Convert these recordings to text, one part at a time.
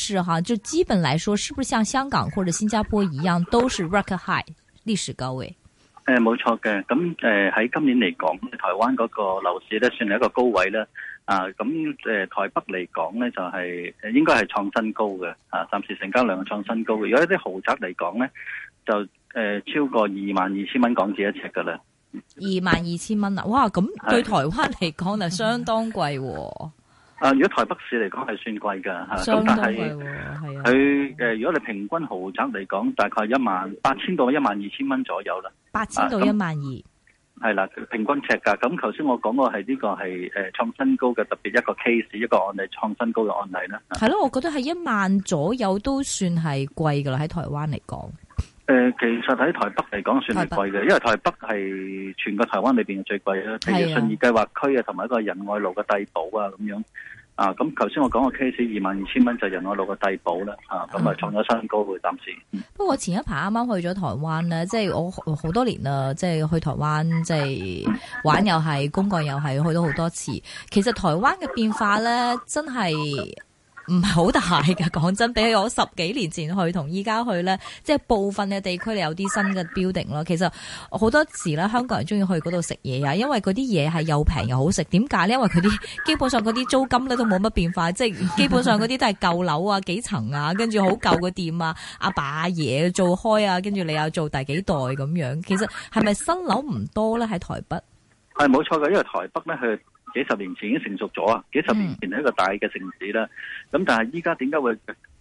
是哈，就基本來說，是不是像香港或者新加坡一樣，都是 record high 歷史高位？誒、嗯，冇錯嘅，咁誒喺今年嚟講，台灣嗰個樓市咧，算係一個高位啦。啊，咁、嗯、誒、呃、台北嚟講咧，就係、是、應該係創新高嘅。啊，暫時成交量創新高，如果一啲豪宅嚟講咧，就誒、呃、超過二萬二千蚊港紙一尺噶啦。二萬二千蚊啊！哇，咁對台灣嚟講，就的相當貴、哦。 啊、呃！如果台北市嚟講係算貴㗎咁但係是佢、啊呃、如果你平均豪宅嚟講，大概一萬八千到一萬二千蚊左右啦，八千到一萬二，係啦、啊，嗯、平均尺㗎。咁頭先我講過係呢個係誒、呃、創新高嘅，特別一個 case 一個案例創新高嘅案例啦。係咯、啊，我覺得係一萬左右都算係貴㗎啦，喺台灣嚟講。誒、呃，其實喺台北嚟講算係貴嘅，北因為台北係全個台灣裏面最貴嘅，譬、啊、如信義計劃區啊，同埋一個仁愛路嘅帝堡啊咁樣。啊，咁頭先我講個 case，二萬二千蚊就人我攞個遞補啦。啊，咁啊，重咗新高會暫時。嗯、不過我前一排啱啱去咗台灣咧，即係我好多年啦，即係去台灣即係玩又係公幹又係去咗好多次。其實台灣嘅變化咧，真係～唔係好大㗎。講真，比起我十幾年前去同依家去呢，即係部分嘅地區你有啲新嘅 building 咯。其實好多時咧，香港人中意去嗰度食嘢啊，因為嗰啲嘢係又平又好食。點解呢？因為佢啲基本上嗰啲租金咧都冇乜變化，即係 基本上嗰啲都係舊樓啊、幾層啊，跟住好舊嘅店啊，阿爸阿、啊、爺做開啊，跟住你又做第幾代咁樣。其實係咪新樓唔多呢？喺台北係冇錯嘅，因為台北呢。係。幾十年前已經成熟咗啊！幾十年前係一個大嘅城市啦，咁但係依家點解會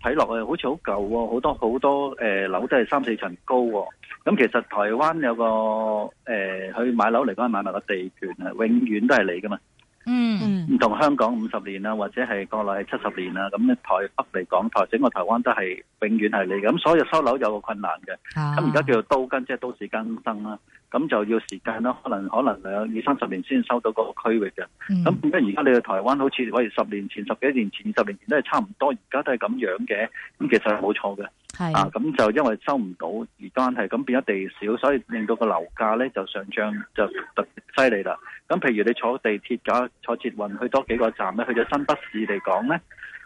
睇落去好似好舊喎、啊，好多好多誒、呃、樓都係三四層高喎、啊。咁、嗯、其實台灣有個誒、呃、去買樓嚟講，買埋個地權啊，永遠都係你㗎嘛。嗯，唔同、mm hmm. 香港五十年啦，或者係國內係七十年啦，咁咧台北嚟講，台整個台灣都係永遠係你。咁，所有收樓有個困難嘅。咁而家叫做都跟，即係都市更生啦，咁就要時間啦，可能可能兩二三十年先收到嗰個區域嘅。咁點解而家你去台灣好似喂十年前、十幾年前、二十年前都係差唔多，而家都係咁樣嘅？咁其實係冇錯嘅。係啊，咁就因為收唔到而關係，咁變咗地少，所以令到個樓價咧就上漲就特別犀利啦。咁譬如你坐地鐵架坐捷運去多幾個站咧，去咗新北市嚟講咧，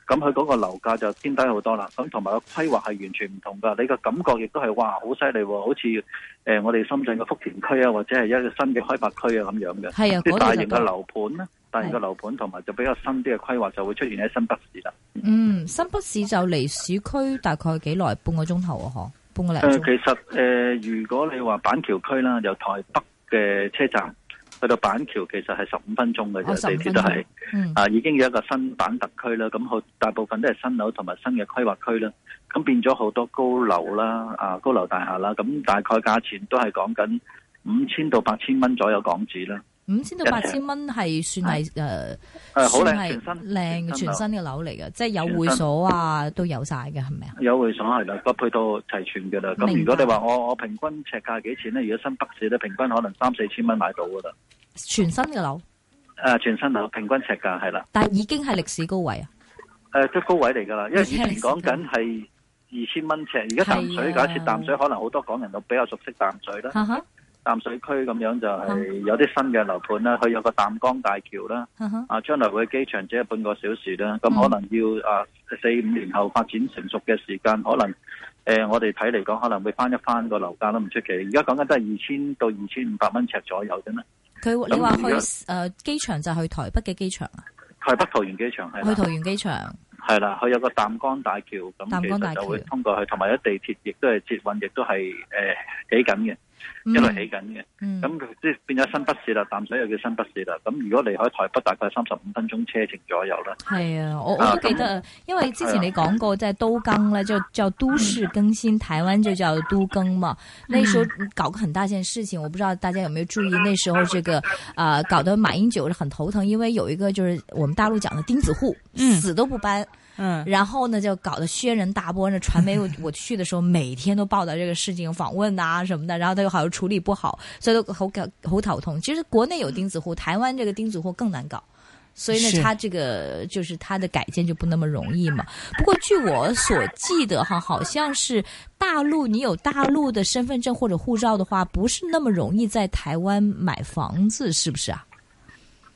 咁佢嗰個樓價就偏低好多啦。咁同埋個規劃係完全唔同噶，你個感覺亦都係哇好犀利喎，好似誒、呃、我哋深圳嘅福田區啊，或者係一個新嘅開發區啊咁樣嘅，啲、啊、大型嘅樓盤咧。第二個樓盤同埋就比較新啲嘅規劃就會出現喺新北市啦，嗯。嗯，新北市就離市區大概幾耐？半個鐘頭喎。嗬？半個零鐘頭誒，其實誒、呃，如果你話板橋區啦，由台北嘅車站去到板橋，其實係十五分鐘嘅啫，啊、地鐵都係。嗯、啊，已經有一個新板特區啦，咁好大部分都係新樓同埋新嘅規劃區啦，咁變咗好多高樓啦，啊，高樓大廈啦，咁大概價錢都係講緊五千到八千蚊左右港紙啦。五千到八千蚊係算係誒，啊、算係是靚、啊、全新嘅樓嚟嘅，即係新、就是、有會所啊，新都有晒嘅，係咪啊？有會所係啦，個配套齊全嘅啦。咁白如果你話我我平均尺價幾錢咧？如果新北市咧，平均可能三四千蚊買到噶啦、啊。全新嘅樓，誒，全新樓平均尺價係啦。但係已經係歷史高位啊。誒，都高位嚟噶啦，因為以前講緊係二千蚊尺，而家淡水的假設淡水可能好多港人都比較熟悉淡水啦。啊哈淡水區咁樣就係有啲新嘅樓盤啦，佢、嗯、有個淡江大橋啦，嗯嗯、啊，將來會去機場只係半個小時啦，咁可能要啊四五年後發展成熟嘅時間，可能誒、呃，我哋睇嚟講可能會翻一翻個樓價啦，唔出奇。而家講緊都係二千到二千五百蚊尺左右啫啦。佢你話去誒機、呃、場就去台北嘅機場啊？台北桃園機場係。去桃園機場係啦，佢有個淡江大橋咁，其實就會通過去，同埋有地鐵，亦都係捷運，亦都係誒起緊嘅。呃嗯嗯、因為起緊嘅，咁佢即係變咗新北市啦，淡水又叫新北市啦。咁如果離開台北，大概三十五分鐘車程左右啦。係啊，我都、啊、記得，嗯、因為之前你講過在都更呢，就叫都市更新，嗯、台灣就叫都更嘛。嗯、那時候搞個很大件事情，我不知道大家有冇有注意。那時候這個啊，搞得馬英九很頭疼，因為有一個就是我們大陸講的釘子戶，嗯、死都不搬。嗯。然後呢就搞得軒然大波，傳傳媒我、嗯、我去的時候，每天都報道這個事情，訪問啊什麼的。然後他又好。處理不好，所以都好搞，好頭痛。其實國內有釘子戶，台灣這個釘子戶更難搞，所以呢，他是這個就是他的改建就不那麼容易嘛。不過據我所記得，哈，好像是大陸你有大陸的身份證或者護照的話，不是那麼容易在台灣買房子，是不是啊？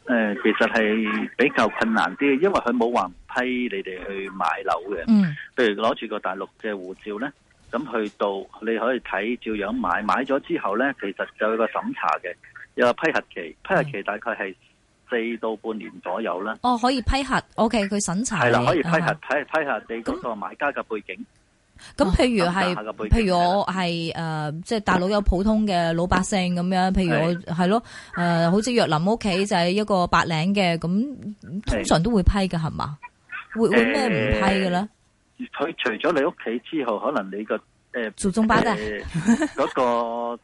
呃，其實係比較困難啲，因為佢冇話批你哋去買樓嘅。嗯，譬如攞住個大陸嘅護照呢。咁去到你可以睇，照樣買，買咗之後咧，其實就有個審查嘅，有個批核期，批核期大概係四到半年左右啦。哦，可以批核，OK，佢審查係啦，可以批核批、啊、批核你個買家嘅背景。咁譬如係譬如我係誒，即係的、呃就是、大陸有普通嘅老百姓咁樣，譬如我係咯，誒的、呃，好似若林屋企就係一個白領嘅，咁通常都會批㗎，係嘛的？會會咩唔批嘅咧？欸佢除咗你屋企之後，可能你個誒，嗰個誒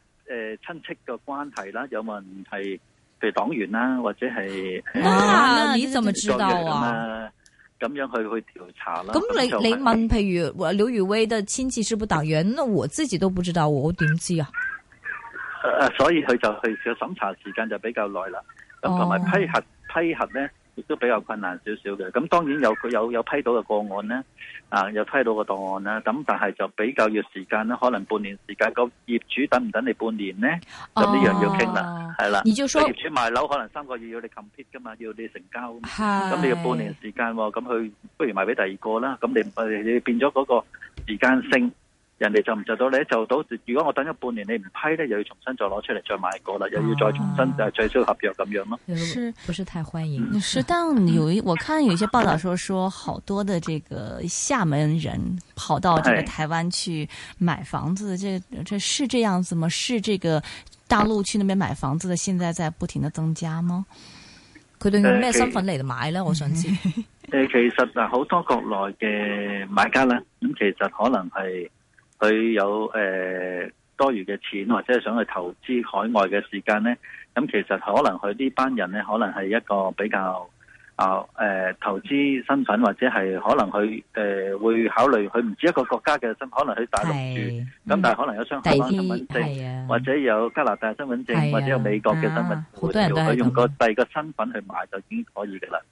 親戚嘅關係啦，有問題，譬如黨員啦，或者係啊，那呃、你就咪知道啊，咁樣去去調查啦。咁你你問譬如劉宇威的親戚是不黨員，那我自己都不知道，我點知啊？誒、啊，所以佢就去嘅審查時間就比較耐啦，咁同埋批核批核咧。亦都比較困難少少嘅，咁當然有佢有有批到嘅個案咧，啊有批到嘅檔案啦，咁但係就比較要時間啦。可能半年時間，咁業主等唔等你半年咧？咁呢樣要傾啦，係啦，你業主賣樓可能三個月要你 complete 噶嘛，要你成交，咁的你要半年時間喎，咁佢不如賣俾第二個啦，咁你誒你變咗嗰個時間性。人哋就唔就到你，就到。如果我等咗半年，你唔批呢，又要重新再攞出嚟再買過啦，啊、又要再重新就取消合約咁樣咯。是，不是太歡迎？是但、嗯、有一，我看有一些報道說，嗯、說好多的這個廈門人跑到這個台灣去買房子，是這這是這樣子嗎？是這個大陸去那邊買房子的，現在在不停的增加嗎？佢哋用咩身份嚟的買咧？我想知。誒，其實啊，好、嗯嗯、多國內嘅買家呢咁其實可能係。佢有誒、呃、多餘嘅錢，或者係想去投資海外嘅時間咧，咁其實可能佢呢班人咧，可能係一個比較啊誒、呃、投資身份，或者係可能佢誒、呃、會考慮佢唔止一個國家嘅身份，可能去大陸住咁，是但係可能有香港身份證，嗯啊、或者有加拿大的身份證，啊、或者有美國嘅身份證，佢用個第二個身份去買就已經可以嘅啦。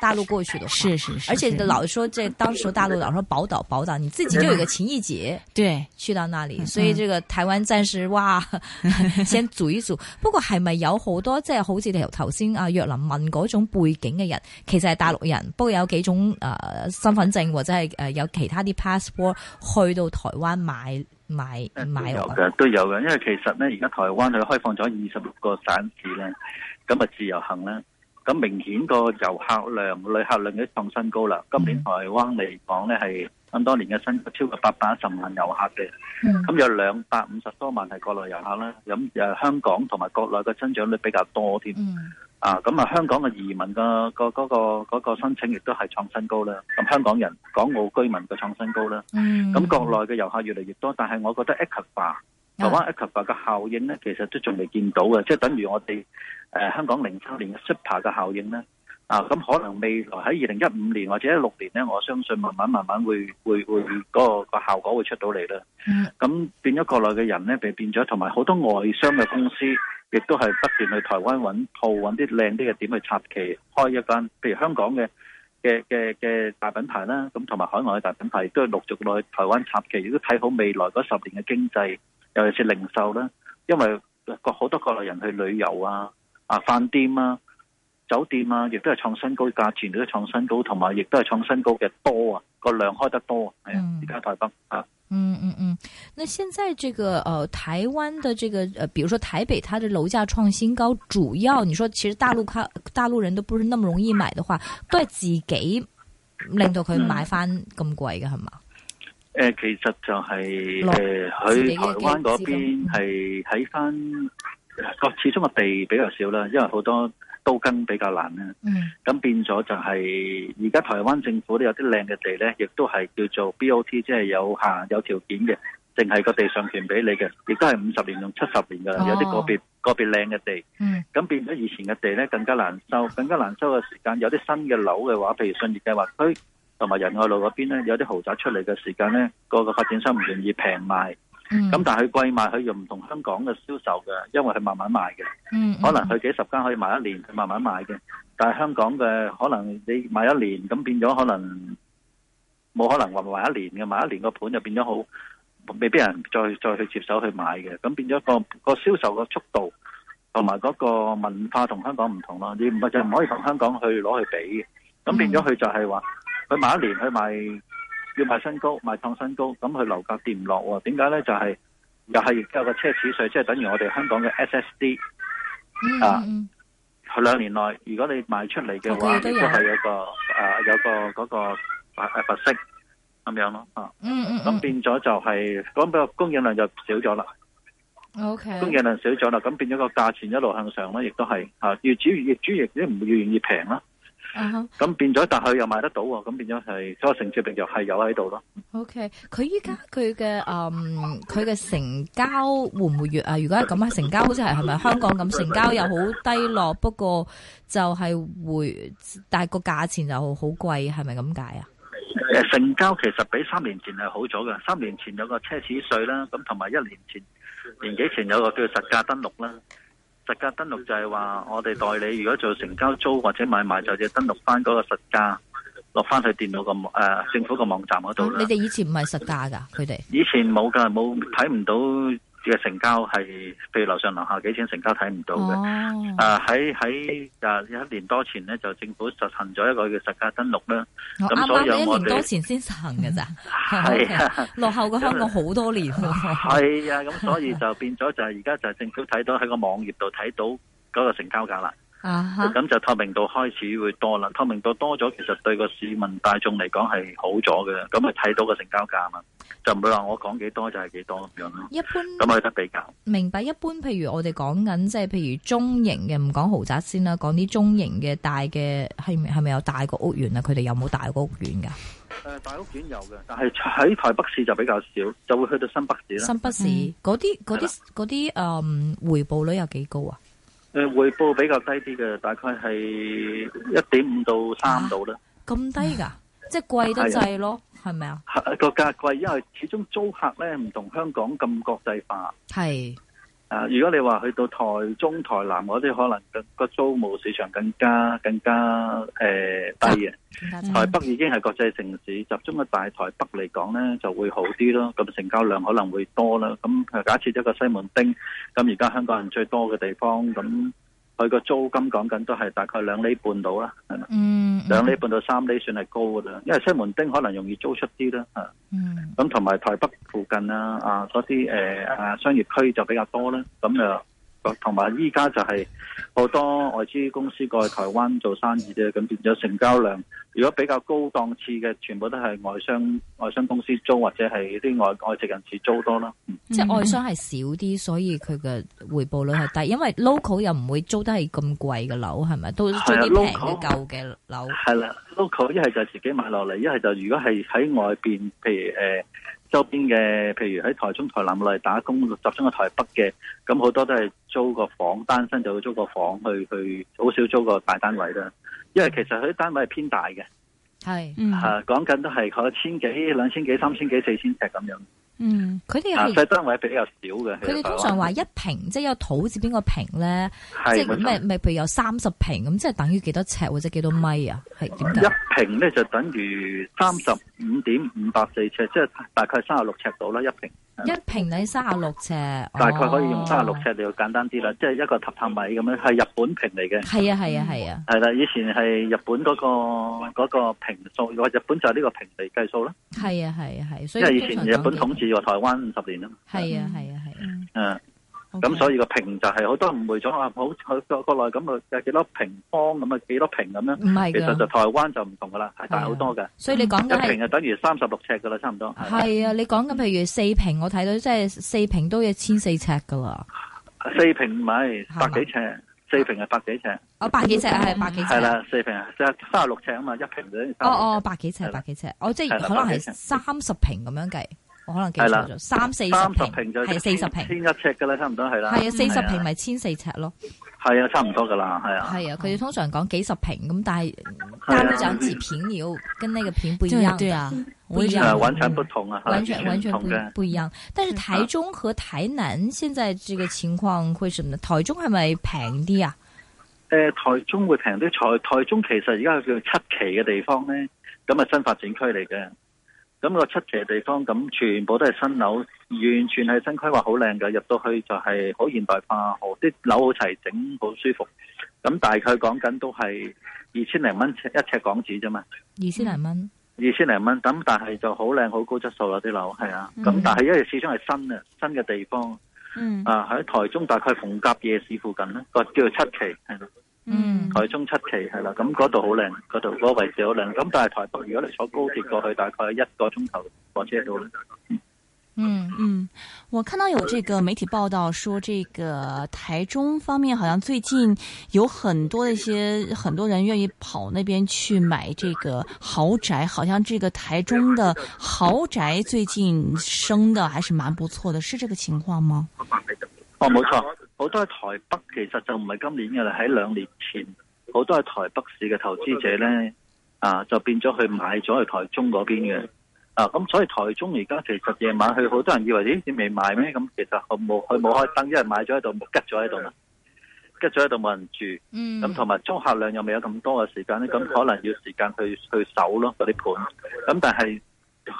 大陸過去的話是是是，是是，而且老實說這當時大陸老說寶島寶島，你自己就有個情意結，對嗎，去到那裡，所以這個台灣暫時哇， 先租一租。不過係咪有多、就是、好多即係好似頭頭先啊若琳問嗰種背景嘅人，其實係大陸人，不過有幾種誒、呃、身份證或者係誒、呃、有其他啲 passport 去到台灣買買買？有嘅都有嘅，因為其實呢而家台灣佢開放咗二十六個省市呢咁啊自由行呢咁明顯個遊客量、旅客量嘅創新高啦。今年台灣嚟講咧，係咁多年嘅新超過八百一十萬遊客嘅，咁有兩百五十多萬係國內遊客啦。咁誒香港同埋國內嘅增長率比較多添。嗯、啊，咁啊香港嘅移民、嗰個個嗰個嗰個申請亦都係創新高啦。咁香港人、港澳居民嘅創新高啦。咁國內嘅遊客越嚟越多，但係我覺得 ECFA。台灣 ECFA 嘅效應咧，其實都仲未見到嘅，即係等於我哋誒、呃、香港零七年嘅 CEPA 嘅效應咧。啊，咁可能未來喺二零一五年或者一六年咧，我相信慢慢慢慢會會會嗰、嗰個嗰個效果會出到嚟啦。嗯。咁變咗國內嘅人咧，被變咗，同埋好多外商嘅公司，亦都係不斷去台灣揾鋪，揾啲靚啲嘅點去插旗，開一間，譬如香港嘅嘅嘅嘅大品牌啦，咁同埋海外嘅大品牌都係陸續落去台灣插旗，亦都睇好未來嗰十年嘅經濟。尤其是零售啦，因為國好多國內人去旅遊啊，啊飯店啊、酒店啊，亦都係創新高，價錢都係創新高，同埋亦都係創新高嘅多啊，個量開得多啊，而家、嗯、台北啊、嗯，嗯嗯嗯，那現在這個，呃，台灣的這個，呃，比如說台北，它的樓價創新高，主要你說其實大陸靠大陸人都不是那麼容易買的話，都係自己令到佢買返咁貴嘅係嘛？嗯誒、呃，其實就係、是、誒，佢、呃、台灣嗰邊係喺翻各始終嘅地比較少啦，因為好多都更比較難啦。嗯，咁變咗就係而家台灣政府有些的地呢也都有啲靚嘅地咧，亦都係叫做 BOT，即係有嚇有條件嘅，淨係個地上權俾你嘅，亦都係五十年同七十年嘅，有啲個別、哦、個別靚嘅地。嗯，咁變咗以前嘅地咧，更加難收，更加難收嘅時間。有啲新嘅樓嘅話，譬如信義計劃區。同埋仁愛路嗰邊咧，有啲豪宅出嚟嘅時間咧，個個發展商唔願意平賣，咁、mm. 但係佢貴賣，佢又唔同香港嘅銷售嘅，因為佢慢慢賣嘅、mm.，可能佢幾十間可以賣一年，佢慢慢賣嘅。但係香港嘅可能你賣一年，咁變咗可能冇可能話賣一年嘅，賣一年個盤就變咗好，未必人再再去接手去買嘅，咁變咗、那個個銷售嘅速度同埋嗰個文化同香港唔同咯，你唔係就唔可以同香港去攞去比嘅，咁變咗佢就係話。佢賣一年，佢賣要賣新高，賣創新高，咁佢樓價跌唔落喎？點解咧？就係、是、又係有個奢侈稅，即、就、係、是、等於我哋香港嘅 S 嗯嗯 S D 啊！佢、嗯、兩年內，如果你賣出嚟嘅話，嗯嗯也都係有個、嗯、啊，有個嗰、那個白白色咁樣咯啊！咁變咗就係講比較供應量就少咗啦。O K.、嗯嗯嗯、供應量少咗啦，咁變咗個價錢一路向上啦，亦都係啊，越煮越主，亦都唔會越嚟越平啦。越咁、uh huh. 變咗，但係又買得到喎，咁變咗係，所以承接力就係有喺度咯。O K，佢依家佢嘅，嗯，佢嘅成交會唔會弱活唔活躍啊？如果係咁啊，成交好似係係咪香港咁，成交又好低落， 不過就係會，但係個價錢就好貴，係咪咁解啊？誒，成交其實比三年前係好咗嘅，三年前有個奢侈稅啦，咁同埋一年前年幾前有個叫實價登錄啦。實價登錄就係話，我哋代理如果做成交租或者買賣，就要登錄翻嗰個實價，落翻去電腦個誒、呃、政府個網站嗰度。啊，你哋以前唔係實價㗎，佢哋以前冇㗎。冇，睇唔到。嘅成交係譬如樓上樓下幾錢成交睇唔到嘅，oh。啊喺喺啊一年多前咧，就政府實行咗一個叫實價登錄啦，咁所以啱啱一年多前先實行嘅咋，係 啊， 落後過香港好多年喎，係啊，咁所以就變咗就係而家就係政府睇到喺個網頁度睇到嗰個成交價啦。咁、uh huh. 就透明度開始會多啦，透明度多咗，其實對個市民大眾嚟講係好咗嘅，咁咪睇到個成交價嘛，就唔會話我講幾多就係幾多咁樣咯。咁一般去得比較明白。一般譬如我哋講緊即係譬如中型嘅，唔講豪宅先啦，講啲中型嘅大嘅係係咪有大個屋苑啊？佢哋有冇大個屋苑噶、啊？誒、呃，大屋苑有嘅，但係喺台北市就比較少，就會去到新北市啦。新北市嗰啲嗰啲嗰啲誒回報率有幾高啊？誒回報比較低啲嘅，大概係一點五到三度啦。咁低㗎，即係貴得滯咯，係咪啊？個價貴，因為始終租客咧唔同香港咁國際化。係。啊！如果你話去到台中、台南嗰啲，可能個租務市場更加更加誒、呃、低嘅。台北已經係國際城市，集中嘅大台北嚟講呢，就會好啲咯。咁成交量可能會多啦。咁佢假設一個西門町，咁而家香港人最多嘅地方，咁。佢個租金講緊都係大概兩厘半到啦，係咪、嗯，嗯，兩厘半到三厘算係高㗎啦，因為西門町可能容易租出啲啦，嚇、嗯，咁同埋台北附近啊，啊嗰啲誒啊商業區就比較多啦，咁就。同埋依家就係好多外資公司過去台灣做生意啫，咁變咗成，成交量。如果比較高檔次嘅，全部都係外商外商公司租或者係啲外外籍人士租多咯。嗯、即係外商係少啲，所以佢嘅回報率係低，因為 local 又唔會租得係咁貴嘅樓，係咪？都租啲平嘅舊嘅樓。係啦、啊啊、local 一係就自己買落嚟，一係就如果係喺外邊係誒。譬如呃周邊嘅，譬如喺台中、台南嚟打工，集中喺台北嘅，咁好多都係租個房，單身就租個房去去，好少租個大單位啦。因為其實佢啲單位係偏大嘅，係吓講緊都係佢一千幾、兩千幾、三千幾、四千尺咁樣。嗯，佢哋係細單位比較少嘅。佢哋通常話一坪是即係有土字邊個坪咧，是即係咩咩？譬錯如有三十坪咁，即係等於幾多尺或者幾多米啊？係點解？一坪咧就等於三十五點五百四尺，即係大概三十六尺度啦，一坪。一平係卅六尺，大概可以用卅六尺，你要簡單啲啦，即係一個榻榻米咁樣，係日本平嚟嘅。係啊係啊係啊，係啦，以前係日本嗰個嗰個平數，如果日本就係呢個平地計數啦。係啊係啊係，即係以前日本統治過台灣五十年啊嘛。係啊係啊係啊。嗯。咁所以個坪就係好多誤會咗啊！好去國內咁啊，有幾多平方咁啊，幾多坪咁樣？唔係其實就台灣就唔同噶啦，係大好多嘅。所以你講緊係一坪就等於三十六尺噶啦，差唔多。係啊，你講緊譬如四坪，我睇到即係四坪都要千四尺噶啦。四坪唔係百幾尺，四坪係百幾尺。哦，百幾尺係百幾尺。係啦，四坪即三十六尺啊嘛，一坪就。哦哦，百幾尺，百幾尺。哦，即係可能係三十坪咁樣計。我可能記錯咗，三十平，係四十平，千一尺噶啦，差唔多係啦。係啊，四十平咪千四尺咯。係啊，差唔多噶啦，係啊。係啊，佢哋通常講幾十平咁，但係但係唔同字片料，跟呢個片不一樣，對啊，完全係完全不同啊，完全完全不一樣。但是台中和台南現在這個情況會什麼呢？台中係咪平啲啊？誒，台中會平啲，台台中其實而家叫七期嘅地方咧，咁啊新發展區嚟嘅。咁個七期嘅地方，咁全部都係新樓，完全係新規劃，好靚㗎，入到去就係好現代化，好啲樓好齊整，好舒服。咁大概講緊都係二千零蚊尺一尺港紙啫嘛。二千零蚊。二千零蚊，咁但係就好靚，好高質素啊啲樓，係啊。咁但係因為始終係新嘅新嘅地方。嗯。啊，喺台中大概逢甲夜市附近呢個叫做七期係咯。嗯，台中七期係啦，咁嗰度好靚，嗰度嗰個位置好靚，咁但係台北，如果你坐高鐵過去，大概一個鐘頭火車到。嗯嗯，我看到有這個媒體報道說，這個台中方面好像最近有很多那些很多人願意跑那邊去買這個豪宅，好像這個台中的豪宅最近升的還是蠻不錯的，是這個情況嗎？哦，冇錯，好多係台北，其實就唔係今年嘅啦。喺兩年前，好多係台北市嘅投資者咧，啊，就變咗去買咗去台中嗰邊嘅。啊，咁所以台中而家其實夜晚去，好多人以為咦，你未買咩？咁其實佢冇佢冇開燈，因為買咗喺度，冇吉咗喺度，吉咗喺度冇人住。嗯。咁同埋租客量又未有咁多嘅時間咧，咁可能要時間去去搜咯嗰啲盤。咁但係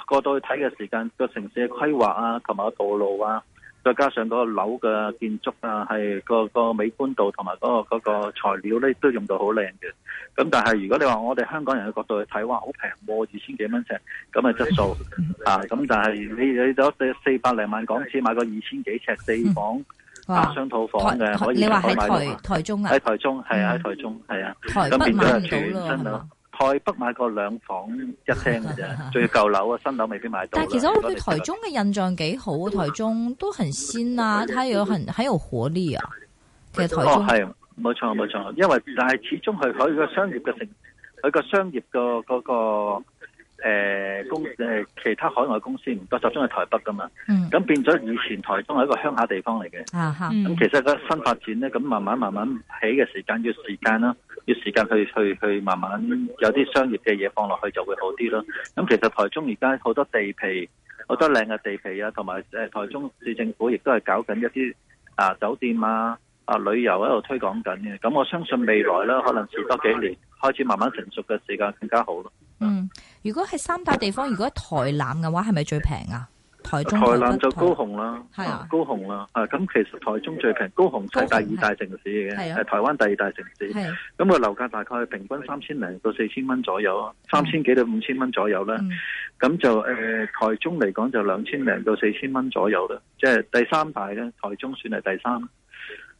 過到去睇嘅時間，個城市嘅規劃啊，同埋個道路啊。再加上嗰個樓嘅建築啊，係、嗰個、嗰個美觀度同埋嗰個材料咧，都用到好靚嘅。咁但係如果你話我哋香港人嘅角度去睇，話好平喎，二千幾蚊尺，咁嘅質素、嗯、啊。咁但係你你攞四四百零萬港紙買個二千幾尺四房、嗯、雙套房嘅，可以可以買到。你話喺台台中啊？喺台中係啊，喺、嗯、台中係啊，咁變咗係全新到。台北買個兩房一廳嘅啫，仲要舊樓啊，新樓未必買到。但係其實我對台中嘅印象幾好，台中都很鮮啦、啊，佢有很很有活力啊。其實台中係冇錯冇錯，因為但係始終係佢個商業嘅成，佢個商業嘅嗰個。誒、呃、公誒、呃、其他海外公司唔多集中喺台北噶嘛，咁、嗯、變咗以前台中係一個鄉下地方嚟嘅，咁、嗯、其實個新發展咧，咁慢慢慢慢起嘅時間要時間啦，要時間去去去慢慢有啲商業嘅嘢放落去就會好啲咯。咁其實台中而家好多地皮，好多靚嘅地皮啊，同埋誒台中市政府亦都係搞緊一啲啊酒店啊。啊！旅遊喺度推廣緊嘅，咁我相信未來啦，可能遲多幾年開始慢慢成熟嘅時間更加好咯。嗯，如果係三大地方，如果台南嘅話，係咪最平啊？台中台南就高雄啦，係、啊、高雄啦。啊，咁其實台中最平，啊、高雄係第二大城市嘅，係、啊、台灣第二大城市。係咁個樓價大概平均三千零到四千蚊左右啊，三千幾到五千蚊左右啦。咁、嗯、就誒、呃、台中嚟講就兩千零到四千蚊左右啦，即係第三大咧，台中算係第三。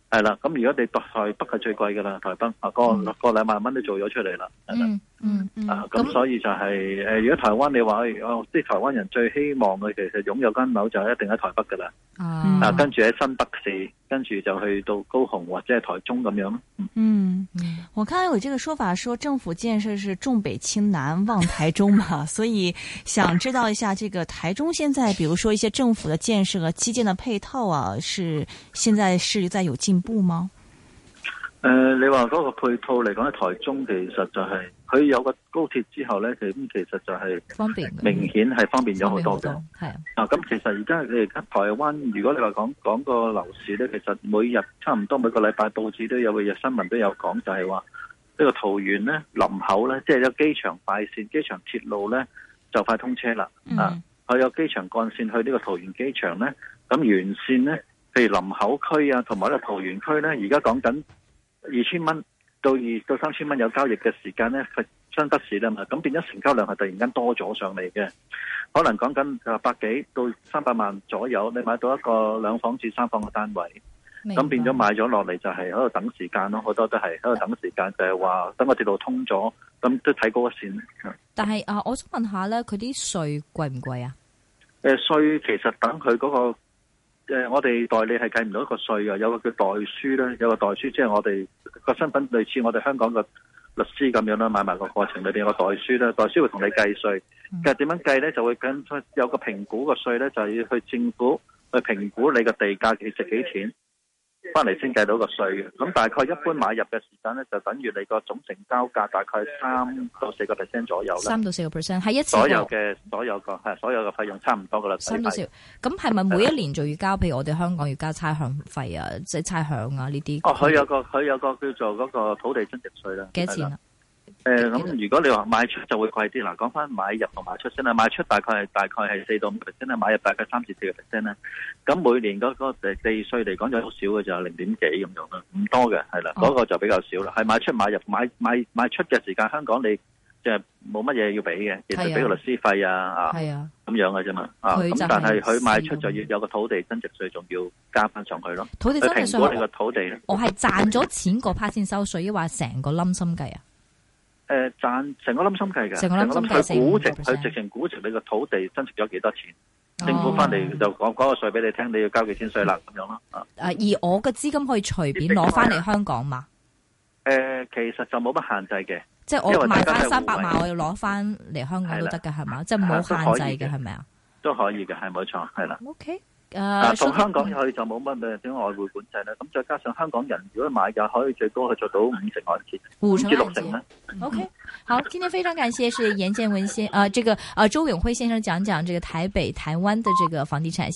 係啦，咁如果你到台北，係最貴噶啦，台北啊個個兩萬蚊都做咗出嚟啦。係啦。嗯，嗯啊，咁所以就係、是、誒，嗯、如果台灣你話，即、哎、係、哦、台灣人最希望嘅，其實擁有間樓就一定喺台北噶啦，啊，啊，跟住喺新北市，跟住就去到高雄或者係台中咁樣。嗯，我看有這個說法，說政府建設是重北輕南，望台中嘛， 所以想知道一下，這個台中現在，比如說一些政府的建設和基建的配套啊，是現在是在有進步嗎？誒、呃，你話嗰個配套嚟講，喺台中其實就係、是。佢有個高鐵之後呢，其實就係明顯係方便咗好多嘅。係、嗯、啊，咁其實而家你而家台灣，如果你話講講個樓市呢，其實每日差唔多每個禮拜報紙都有個新聞都有講，就係話呢個桃園呢，林口呢，即、就、係、是、有機場快線、機場鐵路呢，就快通車啦。嗯、啊，佢有機場幹線去呢個桃園機場呢，咁沿線呢，譬如林口區啊，同埋呢個桃園區呢，而家講緊二千蚊，到二到三千蚊有交易嘅時間咧，係新不市啦嘛，咁變咗成，成交量係突然間多咗上嚟嘅，可能講緊啊百幾到三百萬左右，你買到一個兩房至三房嘅單位，咁變咗買咗落嚟就係喺度等時間咯，好多都係喺度等時間，就係、是、話等個條路通咗，咁都睇嗰個線。但係啊，我想問一下咧，佢啲稅貴唔貴啊？誒、呃，稅其實等佢嗰、那個。我哋代理係計唔到一個稅㗎。有個叫代書咧，有個代書，即係我哋個身份類似我哋香港個律師咁樣啦、啊，買埋個過程裏面，有個代書啦，代書會同你計稅，但係點樣計呢？就會跟出有個評估個稅呢，就要去政府去評估你個地價幾值幾錢。翻嚟先計到個稅，咁大概一般買入嘅時間咧，就等於你個總成交價大概三到四個 percent 左右啦。三到四個 percent 係一次過。所有嘅所有個係所有嘅費用差唔多噶啦。三到四，咁係咪每一年就要交？譬如我哋香港要交差餉費啊，即係差餉啊呢啲。 哦，佢有個佢有個叫做嗰個土地增值稅啦。幾錢啊？誒，咁、嗯嗯、如果你話賣出就會貴啲。嗱，講翻買入同賣出先啦。賣出大概係大概係四到五 percent 啦，買入大概三至四個 percent 啦。咁每年個、那個地地稅嚟講就好少嘅，就零點幾咁樣啦，唔多嘅係啦。嗰、哦、個就比較少啦。係賣出買入買買賣出嘅時間，香港你即係冇乜嘢要俾嘅，其實俾個律師費啊，啊咁樣嘅啫嘛啊。咁但係佢賣出就要有個土地增值稅，仲要加翻上去咯。土地增值稅我評估你個土地咧。我係賺咗錢嗰 part 先收稅，抑或成個冧心計啊？誒，賺成、呃、個冧心計嘅，成個冧心計。心計的佢估值，去直情估值你個土地增值咗幾多錢，政府翻嚟就講講個稅俾你聽，你要交幾錢稅啦，咁樣咯。啊，而我嘅資金可以隨便攞翻嚟香港嘛？誒、呃，其實就冇乜限制嘅。即係我賣翻三百萬，我要攞翻嚟香港都得嘅，係嘛？即係冇限制嘅，係咪啊？都可以嘅，係冇錯，係啦。O K。呃，從香港去就冇乜咩點外匯管制啦。咁、嗯、再加上香港人如果買嘅，可以最高去做到五成按揭，五至六成啦。 o、okay, K，好，今天非常感謝是嚴建文先啊、 呃，這個啊、呃、周永輝先生講講這個台北、台灣的這個房地產。